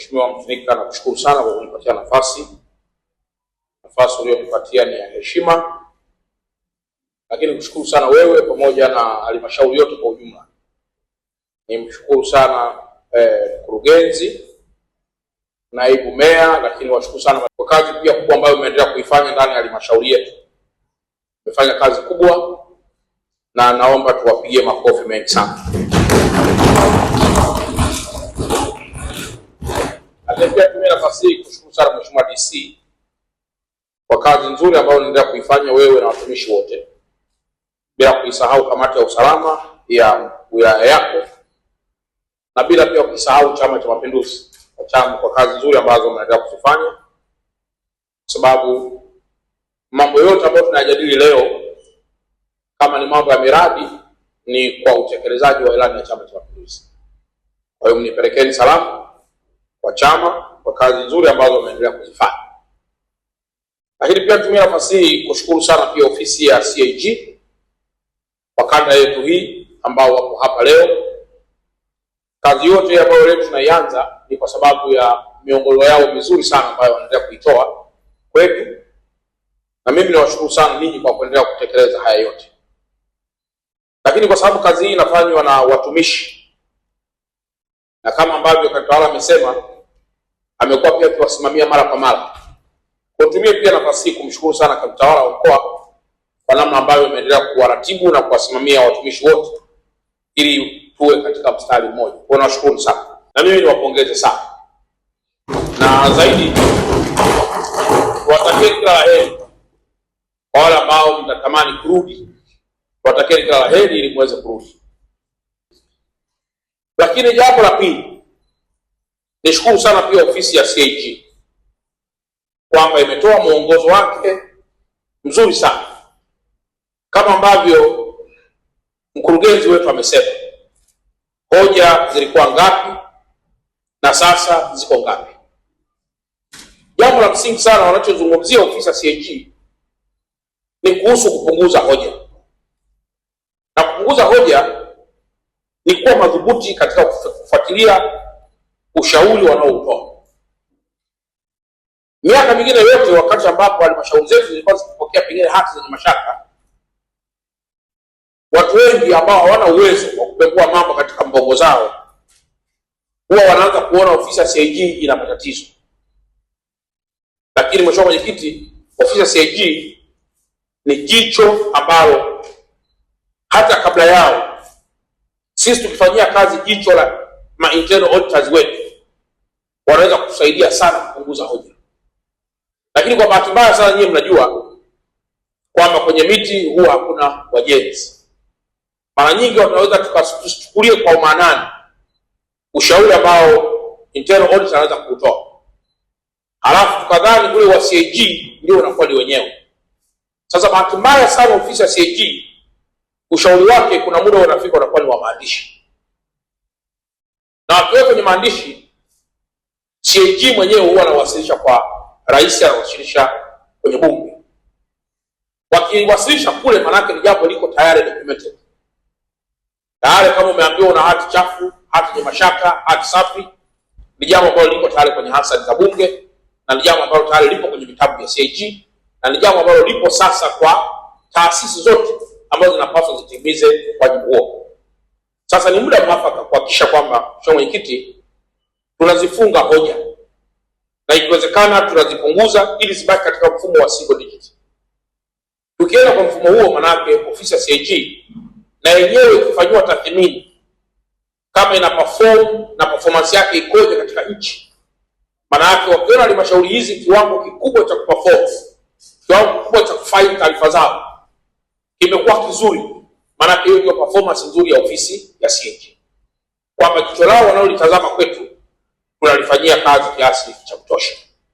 Mheshimiwa Mfunika, nakushukuru sana kwa kunipatia nafasi. Nafasi uliyonipatia ni ya heshima, lakini kushukuru sana wewe pamoja na halmashauri yote kwa ujumla. Nimshukuru sana eh, mkurugenzi eh, naibu meya, lakini washukuru sana kwa kazi pia kubwa ambayo umeendelea kuifanya ndani ya halmashauri yetu. Umefanya kazi kubwa na naomba tuwapigie makofi mengi sana. RPC kwa kazi nzuri ambayo unaendelea kuifanya wewe na watumishi wote, bila kuisahau kamati ya usalama ya wilaya yako na bila pia kuisahau Chama cha Mapinduzi kwa chama kwa kazi nzuri ambazo mnaendelea kuzifanya, kwa sababu mambo yote ambayo tunayajadili leo kama ni mambo ya miradi ni kwa utekelezaji wa ilani ya Chama cha Mapinduzi. Kwa hiyo mnipelekeni salamu kwa chama kwa kazi nzuri ambazo wameendelea kuzifanya. Lakini pia nitumia nafasi hii kushukuru sana pia ofisi ya CAG kwa kanda yetu hii ambao wako hapa leo. Kazi yote ambayo leo tunaianza ni kwa sababu ya miongozo yao mizuri sana ambayo wanaendelea kuitoa kwetu, na mimi nawashukuru sana ninyi kwa kuendelea kutekeleza haya yote. Lakini kwa sababu kazi hii inafanywa na watumishi na kama ambavyo katawala amesema amekuwa pia akiwasimamia mara kwa mara. Kutumie pia nafasi hii kumshukuru sana kamtawala wa mkoa kwa namna ambayo imeendelea kuwaratibu na kuwasimamia watumishi wote ili tuwe katika mstari mmoja. Kwa nawashukuru sana na mimi niwapongeze sana, na zaidi watakie kila la heri kwa wale ambao mnatamani kurudi, watakie kila la heri ili muweze kurudi. Lakini jambo la pili Nishukuru sana pia ofisi ya CAG kwamba imetoa mwongozo wake mzuri sana kama ambavyo mkurugenzi wetu amesema, hoja zilikuwa ngapi na sasa ziko ngapi. Jambo la msingi sana wanachozungumzia ofisi ya CAG ni kuhusu kupunguza hoja, na kupunguza hoja ni kuwa madhubuti katika kufuatilia ushauri wanaoutoa. Miaka mingine yote, wakati ambapo halmashauri zetu zilikuwa zikipokea pengine hati zenye mashaka, watu wengi ambao hawana uwezo wa kupengua mambo katika mbongo zao huwa wanaanza kuona ofisi ya CAG ina matatizo. Lakini mheshimiwa mwenyekiti, ofisi ya CAG ni jicho ambalo hata kabla yao sisi tukifanyia kazi jicho la ma internal auditors wetu wanaweza kusaidia sana kupunguza hoja. Lakini kwa bahati mbaya sana, nyinyi mnajua kwamba kwenye miti huwa hakuna wajenzi. Mara nyingi wanaweza tukachukulie kwa umaanani ushauri ambao internal audit anaweza kuutoa, halafu tukadhani ule wa CAG ndio unakuwa ni wenyewe. Sasa bahati mbaya sana, ofisi ya CAG ushauri wake kuna muda unafika unakuwa ni wa maandishi, na wakiwa kwenye maandishi CAG mwenyewe huwa anawasilisha kwa rais, anawasilisha kwenye bunge. Wakiwasilisha kule, manake ni jambo liko tayari documented tayari. Kama umeambiwa una hati chafu, hati ya mashaka, hati safi, ni jambo ambalo liko tayari kwenye hasadi za bunge na ni jambo ambalo tayari lipo kwenye vitabu vya CAG na ni jambo ambalo lipo sasa kwa taasisi zote ambazo zinapaswa zitimize wajibu huo. Sasa ni muda mwafaka kuhakikisha kwamba, Mheshimiwa Mwenyekiti, tunazifunga hoja na ikiwezekana tunazipunguza ili zibaki katika mfumo wa single digit. Tukienda kwa mfumo huo, manake ofisi ya CAG na yenyewe ikifanyiwa tathmini kama ina perform na performance yake ikoje katika nchi, manake wakiona halmashauri hizi kiwango kikubwa cha kuperform, kiwango kikubwa cha kufaili taarifa zao kimekuwa kizuri, manake hiyo ndio performance nzuri ya ofisi ya CAG, kwamba jicho lao wanalolitazama kwetu unalifanyia kazi kiasi cha kutosha.